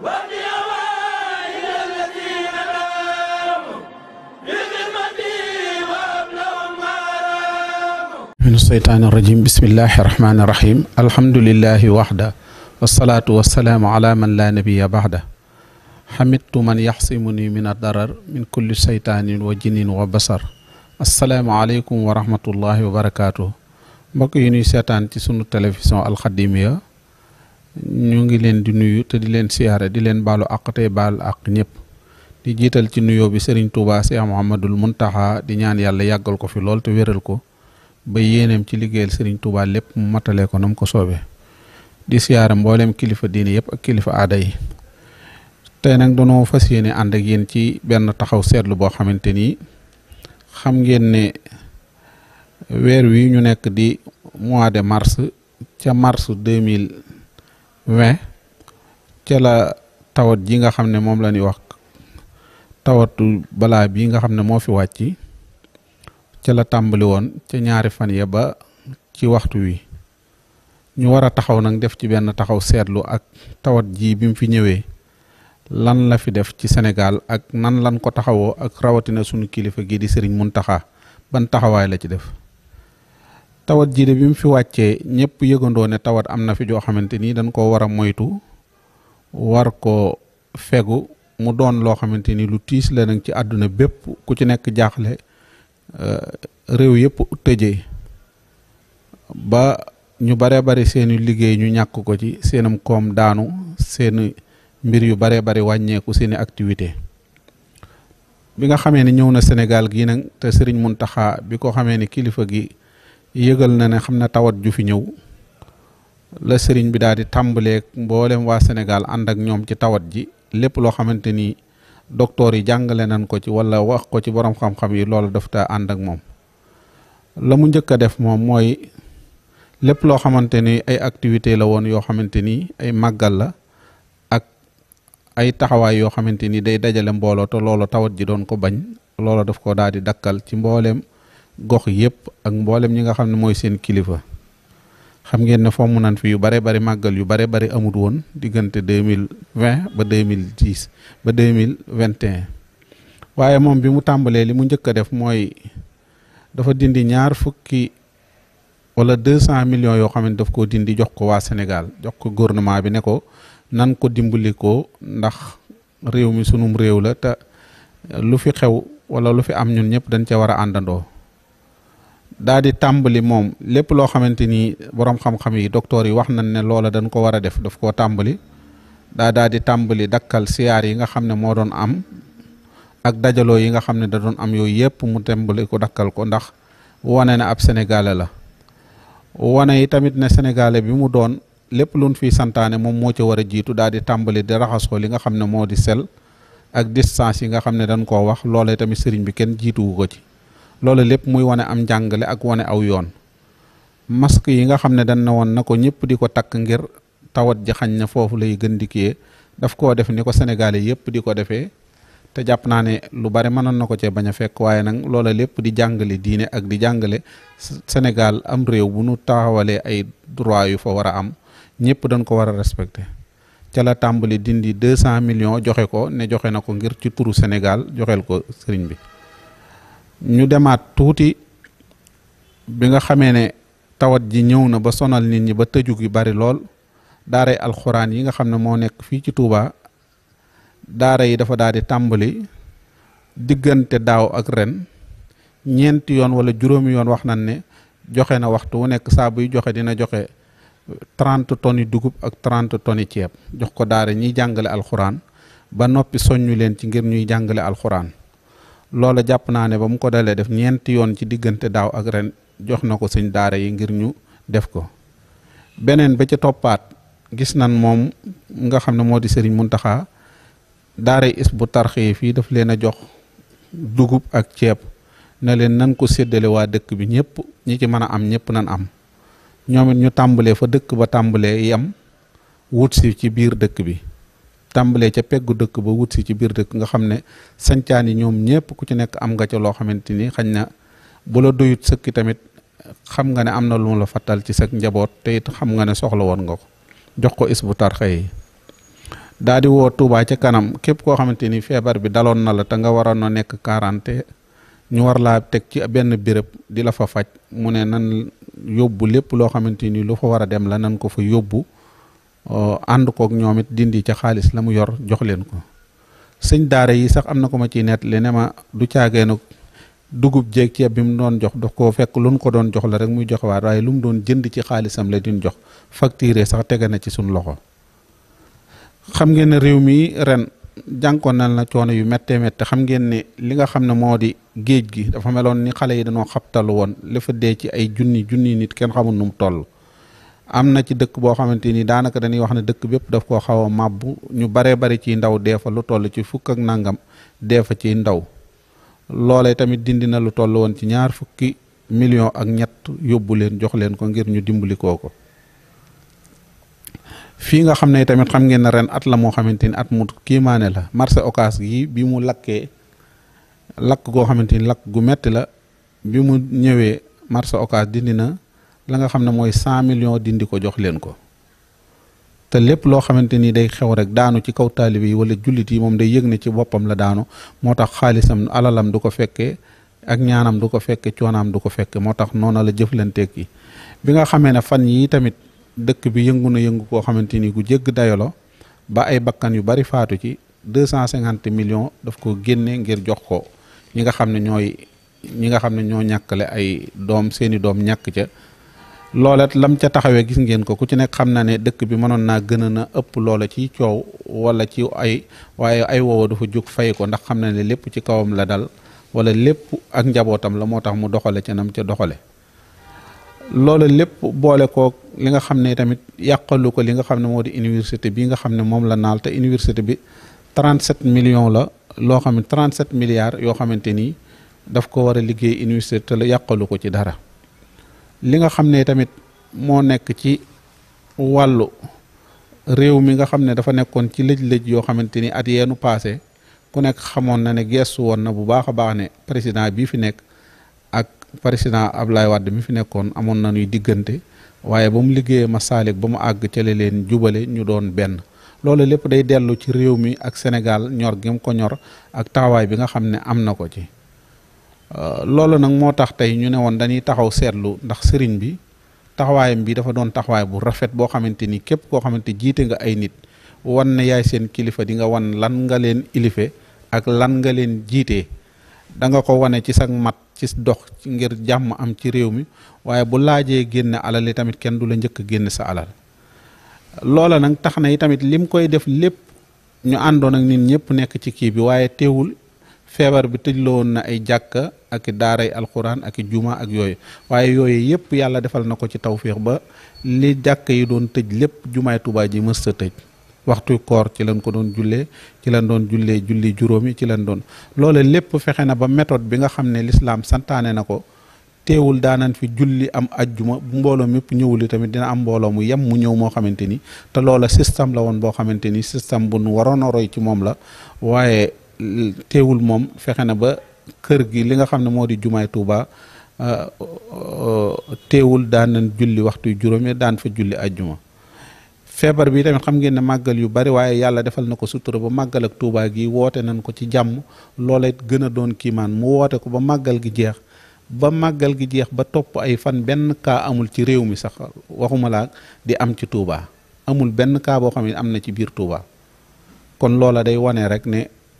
من الشيطان الرجيم بسم الله الرحمن الرحيم الحمد لله وحده والصلاة والسلام على من لا نبي بعده حمدت من يحصمني من الضرر من كل شيطان وجن وبصر السلام عليكم ورحمة الله وبركاته بقي يوني شيطان تسون التلفزيون الخديمية ñu ngi leen di nuyu te di leen siyaare di leen baalu àq tey baal ak ñëpp di jiital ci nuyoo bi sëriñ Touba Cheikh Mouhamadul Muntaxa di ñaan yàlla yàggal ko fi lool te wéral ko ba yéeneem ci liggéeyal sëriñ Touba lépp mu matale ko nam ko soobee di siyaare mbooleem kilifa diini yëpp ak kilifa aada yi tey nag danoo fa yéene ànd ak yéen ci benn taxaw seetlu boo xamante ni xam ngeen ne weer wi ñu nekk di mois de mars ca mars deux mille Meh, ci la tawat ji nga xamne mom wax tawatu bala bi nga xamne mo fi wàcc ci la tambali won ci ñaari fan ya ba ci waxtu wi ñu wara taxaw nak def ci ben taxaw setlu ak tawat ji bimu fi ñewé lan la fi def ci Senegal ak nan lan ko taxawoo ak rawatina sunu kilifa gi di Serigne Mountakha ban taxaway la ci def tawat ji bi mu fi wàccee ñëpp yëgandoo ne tawat am na fi joo xamante ni dañ koo war a moytu war ko fegu mu doon loo xamante ni lu tiis la nag ci àdduna bépp ku ci nekk jaaxle euh, réew yëpp tëje ba ñu baree bari seeni liggéey ñu ñàkk ko ci seenam koom daanu seeni mbir yu baree bari wàññeeku seeni activité bi nga xamee ni ñëw na Sénégal gi nag te mun taxa bi ko xamee ni kilifa gi yëgal na ne xam na tawat ju fi ñëw la sëriñ bi daal di tàmbaleeg mboolem waa Sénégal ànd ak ñoom ci tawat ji lépp loo xamante ni docteur yi jàngale nañ ko ci wala wax ko ci borom xam-xam yi loolu daf ta ànd ak moom la mu njëkk a def moom mooy lépp loo xamante ni ay activité la woon yoo xamante ni ay màggal la ak ay taxawaay yoo xamante ni day dajale mbooloo te loolu tawat ji doon ko bañ loolo daf ko daal di dakkal ci mbooleem gox yëpp ak mboolem ñi nga xam ne mooy seen kilifa xam ngeen ne fomm nan fi yu bare bari màggal yu bare bari amut woon diggante deux mille vingt ba deux mille dix ba deux mille vingt et waaye moom bi mu tàmbalee li mu njëkk a def mooy dafa dindi ñaar fukki wala deux cent millions yoo xam ne daf koo dindi jox ko waa senegal jox ko gouvernement bi ne ko nan ko dimbali ko ndax réew mi sunum réew la te lu fi xew wala lu fi am ñun ñëpp dañ ca war a àndandoo dadi di mom moom lépp loo xamante ni borom xam-xam yi docteur yi wax nañ ne loola dañ ko war a def daf koo tàmbali daa di tàmbali dakkal siyaar yi nga xam ne doon am ak dajaloo yi nga xam da doon am yooyu yëpp mu tàmbali ko dakkal ko ndax wane ne ab sénégalais la wane tamit ne sénégalais bi mu doon lépp luñ fi santaane moom moo ci war a jiitu daa di tàmbali di raxasoo li nga xam ne moo di sel ak distance yi nga xam ne dañ koo wax loolee tamit sëriñ bi kenn jiituwu ko ci loolu lépp muy wane am jàngale ak wane aw yoon masque yi nga xam ne dañ na woon na ko ñëpp di ko takk ngir tawat ji xañ na foofu lay gën di kiyee daf koo def ni ko sénégalais yëpp di ko defee te jàpp naa ne lu bari mënoon na ko cee bañ a fekk waaye nag loola lépp di jàngale diine ak di jàngale Sénégal am réew bu nu taxawalee ay droit yu fa war a am ñëpp dañ ko war a respecté ca tàmbali dindi deux cent millions joxe ko ne joxe na ko ngir ci turu Sénégal joxeel ko sëriñ bi ñu demaat tuuti bi nga xamee ne tawat ji ñëw na ba sonal nit ñi ba tëju gi bari lool daara alxuraan yi nga xam ne moo nekk fii ci Touba daara yi dafa daal di tàmbali diggante daaw ak ren ñeenti yoon wala juróomi yoon wax nañ ne joxe na waxtu wu nekk saa buy joxe dina joxe trent tonnes dugub ak trente tonnes ceeb jox ko daara ñiy jàngale alxuraan ba noppi soññu leen ci ngir ñuy jàngale alxuraan. loola jàpp naa ne ba mu ko dalee def ñeenti yoon ci diggante daaw ak ren jox na ko suñ daara yi ngir ñu def ko beneen ba ca toppaat gis nan moom nga xam ne moo di sëriñ Muntaxa daara bu Tarqiyyah fii daf leen a jox dugub ak ceeb ne leen nan ko séddale waa dëkk bi ñëpp ñi ci mën a am ñëpp nan am ñoomit ñu tàmbalee fa dëkk ba tàmbalee yam wut si ci biir dëkk bi tambalé ci peggu dëkk ba wut si ci biir dëkk nga xamné ne sancaan yi ñoom ñëpp ku ci nekk am nga ci lo xamanteni xagna bu la doyut sëkk tamit xam nga ne am lu mu la fatal ci sëkk njaboot té it xam nga ne soxla won nga ko jox ko is bu tarxa yi Touba ci kanam képp ko xamanteni fièvre bi dalon na la ta nga waroon no nekk 40 ñu war la tek ci benn bërepp di la fa faj mu né nan yobbu lepp lo xamanteni lu fa wara dem la nan ko fa yobbu ànd kook ñoomit dindi ci xaalis la mu yor jox leen ko sëñ daara yi sax am na ko ma ciy nett li ne ma du caageenu dugub jéeg ceeb bi mu doon jox dox koo fekk lu ko doon jox la rek muy joxewaat waaye lu mu doon jënd ci xaalisam la din jox facture sax tege na ci suñ loxo xam ngeen ne réew mi ren jànkoon na la coono yu méttee métte xam ngeen ni li nga xam ne moo di géej gi dafa meloon ni xale yi dañoo xaptalu woon li fa dee ci ay junni junni nit kenn xamul nu mu toll am na ci dëkk boo xamante ni daanaka dañuy wax ne dëkk bépp daf koo xaw a màbbu ñu baree bari ci ndaw dee fa lu toll ci fukk ak nangam dee fa ci ndaw loole tamit dindi na lu toll woon ci ñaar fukki million ak ñett yóbbu leen jox leen ko ngir ñu dimbali koo ko fii nga xam ne tamit xam ngeen ne ren at la moo xamante ni at mu kiimaane la marché Ocass gi bi mu lakkee lakk goo xamante ni lakk gu metti la bi mu ñëwee marché Ocass dindi na la nga xam ne mooy million dindi ko jox leen ko te lépp loo xamante ni day xew rek daanu ci kaw taalibe yi wala jullit yi moom day yëg ne ci boppam la daanu moo tax xaalisam alalam du ko fekkee ak ñaanam du ko fekkee coonaam du ko fekkee moo tax noona la jëflanteeg yi bi nga xamee ne fan yii tamit dëkk bi yëngu na yëngu koo xamante ni ku jégg dayolo ba ay bakkan yu bari faatu ci deux cent cinquante millions daf ko génne ngir jox ko ñi nga xam ne ñooy ñi nga xam ne ñoo ñàkkale ay doom seeni doom ñàkk ca loole lam ca taxawee gis ngeen ko ku ci nekk xam na ne dëkk bi mënoon naa gën a na ëpp loole ci coow wala ci ay waaye ay woowa dafa jóg fay ko ndax xam na ne lépp ci kawam la dal wala lépp ak njabootam la moo tax mu doxale ca nam ca doxale loole lépp boole koo li nga xam ne tamit yàqalu ko li nga xam ne moo di université bi nga xam ne moom la naal te université bi 37 million la loo xam ne 37 milliards yoo xamante ni daf ko war a liggéey université te la yàqalu ko ci dara li nga xam ne tamit moo nekk ci wàllu réew mi nga xam ne dafa nekkoon ci lëj-lëj yoo xamante ni at yeenu passé ku nekk xamoon na ne gestu woon na bu baax a baax ne président bii fi nekk ak président Ablaye Wade mi fi nekkoon amoon na ñuy diggante waaye ba mu liggéeyee Masalik ba mu àgg ca leen jubale ñu doon benn loole lépp day dellu ci réew mi ak Sénégal ñor gi mu ko ñor ak taxawaay bi nga xam ne am na ko ci Euh, loolu nag moo tax tey ñu ne woon dañuy taxaw seetlu ndax sëriñ bi taxawaayam bi dafa doon taxawaay bu rafet boo xamante ni képp koo xamante jiite nga ay nit wan ne yaay seen kilifa di nga wan lan nga leen ilife ak lan nga leen jiitee danga ko wane ci sag mat ci dox ngir jàmm am ci réew mi waaye bu laajee génne alal yi tamit kenn du la njëkk génne sa alal loola nag tax na yi tamit lim koy def lépp ñu àndoon ak nit ñëpp nekk ci kii bi waaye teewul feebar bi tëjloo na ay jàkka ak daaray alquran ak juma ak yooyu waaye yooyu yëpp yàlla defal na ko ci tawféex ba li jàkk yi doon tëj lépp jumaay Tuubaa ji mës sa tëj waxtu koor ci lañ ko doon jullee ci lañ doon jullee julli juróomi ci lañ doon loole lépp fexe na ba méthode bi nga xam ne lislaam santaane na ko teewul daanan fi julli am ajjuma bu mbooloo mépp ñëwul tamit dina am mbooloo mu yem mu ñëw moo xamante ni te loola système la woon boo xamante ni système bu nu waroon a roy ci moom la kër gi li nga xam ne moo di jumaay Touba euh, euh, teewul daan nañ julli waxtu juróomi daan fa julli ajjuma feebar bi tamit xam ngeen ne màggal yu bari waaye yàlla defal na ko sutura ba màggal ak Touba gi woote nañ ko ci jàmm loola it gën a doon kiimaan mu woote ko ba màggal gi jeex ba màggal gi jeex ba topp ay fan benn kaa amul ci réew mi sax waxuma laa di am ci Touba amul benn kaa boo xam ne am na ci biir Touba kon loola day wane rek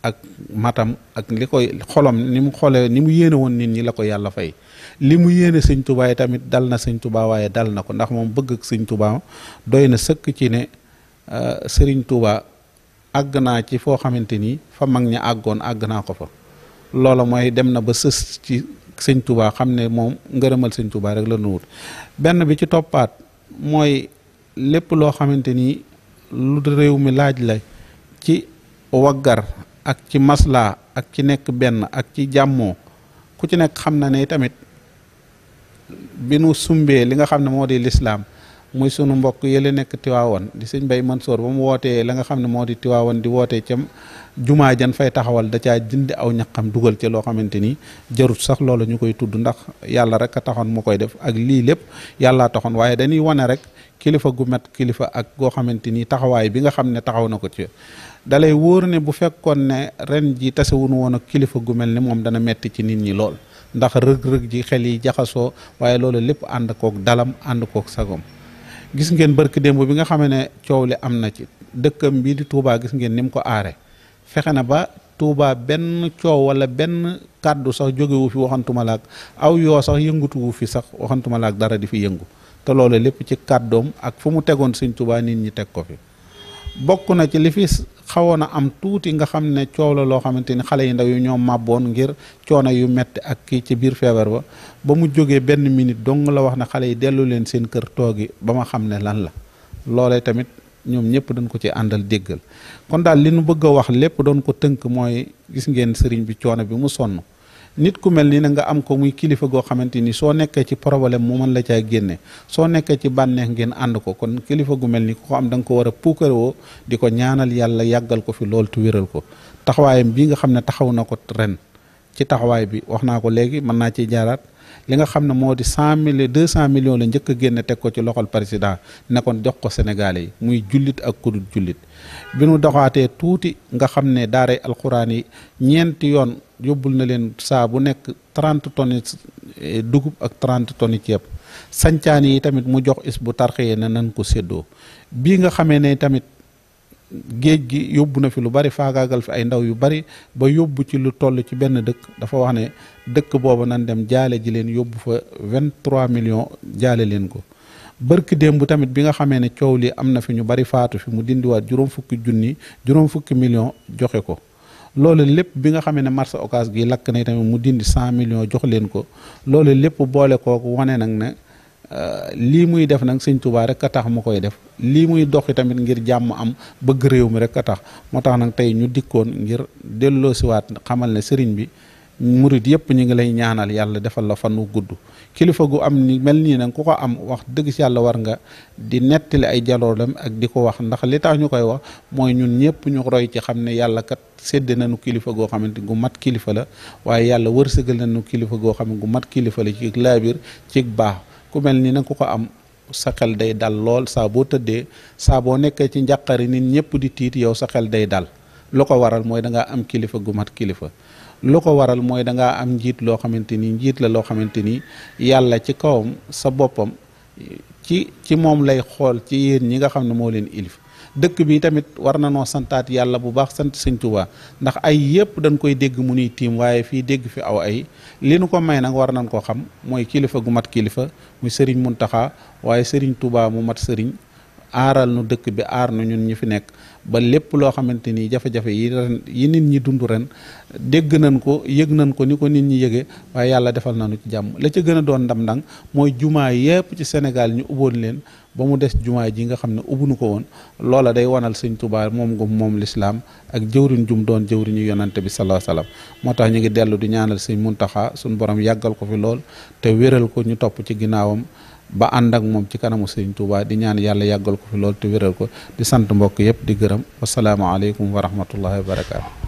ak matam ak li koy xolom ni mu xoolee ni mu yéene woon nit ñi la ko yàlla fay li mu yéene sëñ tubaa tamit dal na sëñ tubaa waaye dal na ko ndax moom bëgg ak sëñ tubaa doy na sëkk ci ne euh, sëriñ tubaa àgg naa ci foo xamante ni fa mag ñi àggoon àgg naa ko fa loola mooy dem na ba sës ci sëñ tubaa xam ne moom ngërëmal sëñ tubaa rek la nuwut benn bi ci toppaat mooy lépp loo xamante ni lu réew mi laaj la ci waggar ak ci masla ak ci nekk benn ak ci jàmmoo ku ci nekk xam na ne tamit bi nu sumbee li nga xam ne moo di lislaam muy sunu mbokk yële nekk tiwaawoon di sëñ Bay Mansoor ba mu wootee la nga xam ne moo di tiwaawan di wootee ca jumaa jan fay taxawal da caa jëndi aw ñaxam dugal ca loo xamante ni jarut sax loolu ñu koy tudd ndax yàlla rek a taxoon mu koy def ak lii lépp yàllaa taxoon waaye dañuy wane rek kilifa gu met kilifa ak go xamanteni taxaway bi nga xamne taxaw nako ci dalay woor ne bu fekkone ne ren ji tasewun won ak kilifa gu melni mom dana metti ci nit ñi lool ndax reug reug ji xel yi jaxaso waye loolu lépp ànd koog dalam ànd koog sagom gis ngeen barke dembu bi nga xam ne amna Dekem ci dëkkam bi di Touba gis ngeen nim ko aré fexena ba Touba ben ciow wala ben kaddu sax wu fi waxantuma lak aw yoo sax wu fi sax waxantuma lak dara di fi yëngu te loolu lépp ci kàddoom ak fu mu tegoon sëñ Tuubaa nit ñi teg ko fi bokk na ci li fi xawoon a am tuuti nga xam ne coow la loo xamante ni xale yu ndaw yu ñoom màbboon ngir coono yu metti ak kii ci biir feebar ba ba mu jógee benn minute dong la wax na xale yi dellu leen seen kër toogi ba ma xam ne lan la loolee tamit ñoom ñëpp dañ ko ci àndal déggal kon daal li nu bëgg a wax lépp doon ko tënk mooy gis ngeen sëriñ bi coono bi mu sonn nit ku mel ni na nga am ko muy kilifa goo xamante ni soo nekkee ci problème mu mën la caa génne soo nekkee ci bànneex ngeen ànd ko kon kilifa gu mel ni ku ko am danga ko war a puukarewoo di ko ñaanal yàlla yàggal ko fi loolu tu wéral ko taxawaayam bii nga xam ne taxawu na ko ren ci taxawaay bi wax naa ko léegi mën naa ciy jaaraat li nga xam ne moo di cent mille deux cent millions la njëkk a génne teg ko ci loxol président nekkoon jox ko Sénégalais yi muy jullit ak kudul jullit bi mu doxaatee tuuti nga xam ne daaray alxuraan yi ñeenti yoon yóbbul na leen saa bu nekk trente tonnes dugub ak trente tonnes ceeb sancaan yi tamit mu jox is bu tarxee na nan ko séddoo bii nga xamee ne tamit géej gi yóbbu na fi lu bari faagaagal fi ay ndaw yu bari ba yóbbu ci lu toll ci benn dëkk dafa wax ne dëkk booba nan dem jaale ji leen yóbbu fa vingt trois millions jaale leen ko bërki démb tamit bi nga xamee ne coow li am na fi ñu bari faatu fi mu dindiwaat juróom fukki junni juróom fukki millions joxe ko loole lépp bi nga xamee ne marché Ocass gi lakk na tamit mu dindi cent millions jox leen ko loolu lépp boole kooku wane nag ne Euh, lii muy def nag sëñ Tuubaa rek a tax mu koy def lii muy doxi tamit ngir jàmm am bëgg réew mi rek a tax moo tax nag tey ñu dikkoon ngir delloosiwaat xamal ne sëriñ bi murit yëpp ñu ngi lay ñaanal yàlla defal la fan wu gudd kilifa gu am ni mel nii nag ku ko am wax dëgg si yàlla war nga di nettali ay jaloolam ak di ko wax ndax li tax ñu koy wax mooy ñun ñëpp ñu roy ci xam ne yàlla kat sédd nañu kilifa goo xamante gu mat kilifa la waaye yàlla wërsëgal nañu kilifa goo xam gu mat kilifa la ci laabir ci baax ku mel nii na ku ko am sa xel day dal lool saa boo tëddee saa boo nekkee ci njàqari nit ñëpp di tiit yow sa xel day dal lu ko waral mooy dangaa am kilifa gu mat kilifa lu ko waral mooy da ngaa am njiit loo xamante ni njiit la loo xamante ni yàlla ci kawam sa boppam ci ci moom lay xool ci yéen ñi nga xam ne moo leen ilif dëkk bi tamit war na noo santaat yàlla bu baax sant sëñ Tuubaa ndax ay yëpp dañ koy dégg mu nuy tiim waaye fii dégg fi aw ay li nu ko may nag war nañ koo xam mooy kilifa gu mat kilifa muy sëriñ Muntaxa waaye sëriñ Tuubaa mu mat sëriñ aaral nu dëkk bi aar nu ñun ñi fi nekk ba lépp loo xamante ni jafe-jafe yi nit ñi dund ren dégg nañ ko yëg nañ ko ni ko nit ñi yëgee waaye yàlla defal nañu ci jàmm la ca gën a doon ndam ndang mooy jumaa yépp ci Sénégal ñu uboon leen ba mu des jumaay ji nga xam ne ubbu nu ko woon loola day wanal sëñ Tuubaa moom ngum moom lislaam ak jëwriñ jum doon jëwriñu yonante bi sallallahu alayhi wasallam moo tax ñu ngi dellu di ñaanal sëñ Muntaxa suñ borom yàggal ko fi lool te wéral ko ñu topp ci ginnaawam ba ànd ak moom ci kanamu sëñ Tuubaa di ñaan yàlla yàggal ko fi lool te wéral ko di sant mbokk yëpp di gërëm wasalaamaaleykum wa rahmatullahi wa barakaatu